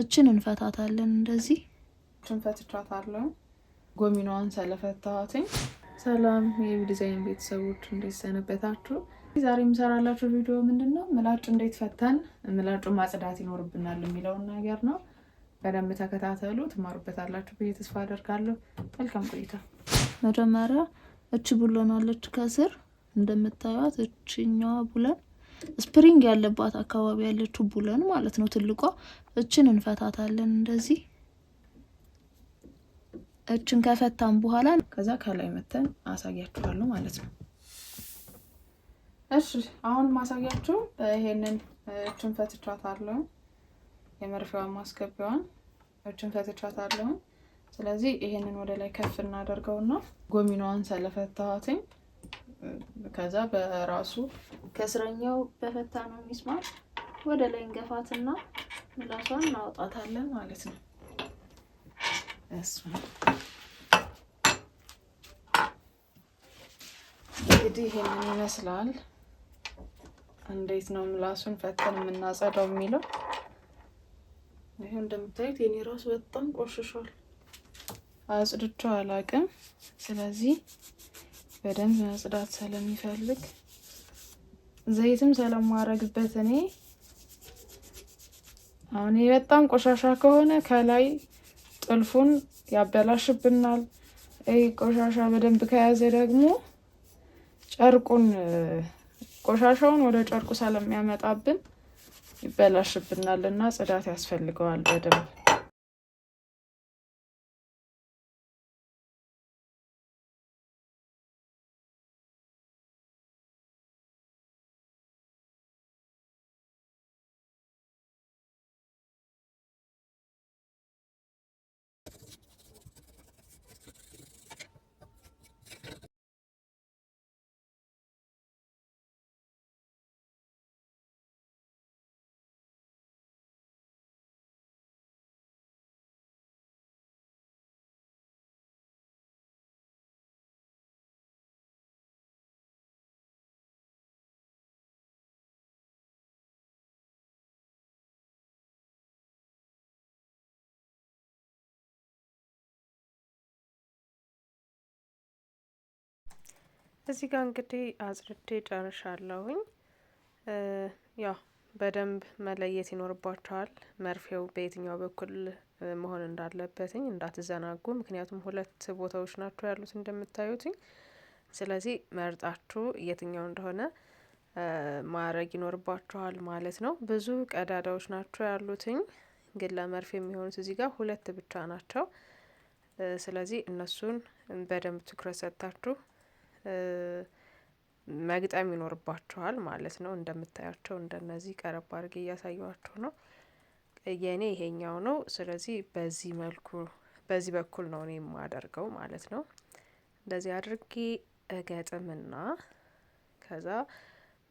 እችን እንፈታታለን። እንደዚህ እንፈትቻታለሁ። ጎሚኗዋን ስለፈታዋትኝ። ሰላም የዲዛይን ቤተሰቦች እንዴት ሰነበታችሁ? ዛሬ የምሰራላችሁ ቪዲዮ ምንድን ነው፣ ምላጭ እንዴት ፈተን ምላጩ ማጽዳት ይኖርብናል የሚለውን ነገር ነው። በደንብ ተከታተሉ፣ ትማሩበታላችሁ ብዬ ተስፋ አደርጋለሁ። መልካም ቆይታ። መጀመሪያ እች ቡለን አለች ከስር እንደምታዩት፣ እችኛዋ ቡለን ስፕሪንግ ያለባት አካባቢ ያለችው ቡለን ማለት ነው ትልቋ። እችን እንፈታታለን እንደዚህ። እችን ከፈታን በኋላ ከዛ ከላይ መተን አሳያችኋለሁ ማለት ነው። እሺ አሁን ማሳያችሁ ይሄንን እችን ፈትቻታለሁ። የመርፌዋን ማስገቢያዋን እችን ፈትቻታለሁ። ስለዚህ ይሄንን ወደ ላይ ከፍ እናደርገውና ጎሚኗዋን ስለፈታኋትኝ ከዛ በራሱ ከስረኛው በፈታ ነው ሚስማር ወደ ላይ እንገፋትና ምላሷን እናወጣታለን ማለት ነው። እንግዲህ ይሄንን ይመስላል። እንዴት ነው ምላሱን ፈተን የምናጸዳው የሚለው ይህ እንደምታዩት የኔ ራሱ በጣም ቆሽሿል። አጽድቼው አላቅም። ስለዚህ በደንብ መጽዳት ስለሚፈልግ ዘይትም ስለማረግበት እኔ አሁን በጣም ቆሻሻ ከሆነ ከላይ ጥልፉን ያበላሽብናል። ቆሻሻ በደንብ ከያዘ ደግሞ ጨርቁን ቆሻሻውን ወደ ጨርቁ ስለሚያመጣብን ይበላሽብናል እና ጽዳት ያስፈልገዋል በደንብ እዚህ ጋር እንግዲህ አጽድዴ ጨርሻለሁኝ። ያው በደንብ መለየት ይኖርባቸዋል። መርፌው በየትኛው በኩል መሆን እንዳለበትኝ እንዳትዘናጉ። ምክንያቱም ሁለት ቦታዎች ናቸው ያሉት እንደምታዩትኝ። ስለዚህ መርጣችሁ የትኛው እንደሆነ ማድረግ ይኖርባችኋል ማለት ነው። ብዙ ቀዳዳዎች ናቸው ያሉትኝ፣ ግን ለመርፌ የሚሆኑት እዚህ ጋር ሁለት ብቻ ናቸው። ስለዚህ እነሱን በደንብ ትኩረት ሰጥታችሁ መግጠም ይኖርባቸዋል ማለት ነው። እንደምታያቸው እንደነዚህ ቀረብ አድርጌ እያሳየኋችሁ ነው። የእኔ ይሄኛው ነው። ስለዚህ በዚህ መልኩ በዚህ በኩል ነው እኔ የማደርገው ማለት ነው። እንደዚህ አድርጌ እገጥምና ከዛ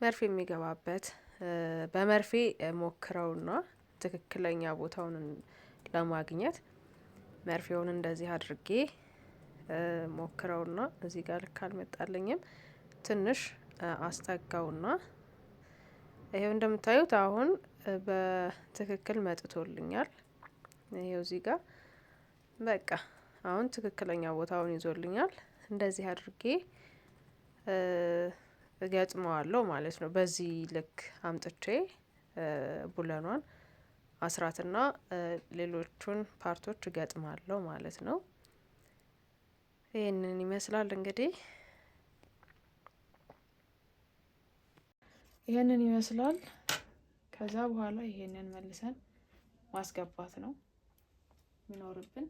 መርፌ የሚገባበት በመርፌ ሞክረውና ትክክለኛ ቦታውን ለማግኘት መርፌውን እንደዚህ አድርጌ ሞክረውና እዚህ ጋር ልክ አልመጣልኝም። ትንሽ አስጠጋውና ይሄው እንደምታዩት አሁን በትክክል መጥቶልኛል። ይሄው እዚህ ጋር በቃ አሁን ትክክለኛ ቦታውን ይዞልኛል። እንደዚህ አድርጌ እገጥመዋለሁ ማለት ነው። በዚህ ልክ አምጥቼ ቡለኗን አስራትና ሌሎቹን ፓርቶች እገጥማለሁ ማለት ነው። ይህንን ይመስላል እንግዲህ ይህንን ይመስላል። ከዛ በኋላ ይሄንን መልሰን ማስገባት ነው የሚኖርብን።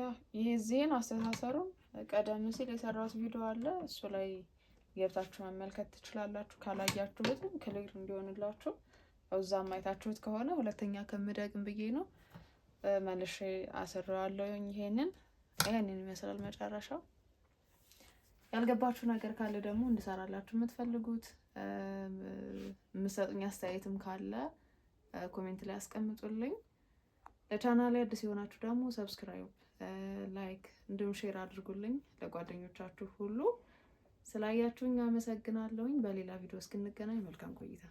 ያው የዚህን አስተሳሰሩን ቀደም ሲል የሰራሁት ቪዲዮ አለ። እሱ ላይ ገብታችሁ መመልከት ትችላላችሁ። ካላያችሁትም ክሊር እንዲሆንላችሁ እዛም አይታችሁት ከሆነ ሁለተኛ ከምደግም ብዬ ነው። መልሼ አስረዋለሁኝ። ይሄንን ይሄንን ይመስላል መጨረሻው። ያልገባችሁ ነገር ካለ ደግሞ እንድሰራላችሁ የምትፈልጉት የምሰጡኝ አስተያየትም ካለ ኮሜንት ላይ አስቀምጡልኝ። ለቻናል ላይ አዲስ የሆናችሁ ደግሞ ሰብስክራይብ፣ ላይክ እንዲሁም ሼር አድርጉልኝ ለጓደኞቻችሁ ሁሉ። ስላያችሁኝ አመሰግናለሁኝ። በሌላ ቪዲዮ እስክንገናኝ መልካም ቆይታ